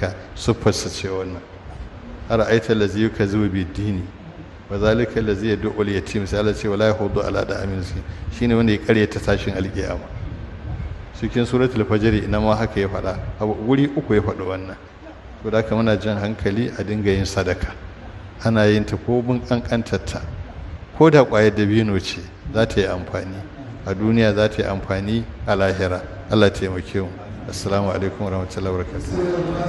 Ka siffarsa ce wannan ara'aita allazi yukazzibu bid-dini wa zalika allazi yad'u al-yatim sai Allah ce wala yahudu ala Shi shine wanda ya karyata tashin ba. cikin suratul fajr ina ma haka ya faɗa wuri uku ya faɗi wannan to da muna jan hankali a dinga yin sadaka ana yin ta ko mun kankantarta ko da ƙwayar dabino ce za ta yi amfani a duniya za ta yi amfani a lahira Allah taimake mu assalamu alaikum warahmatullahi wabarakatuh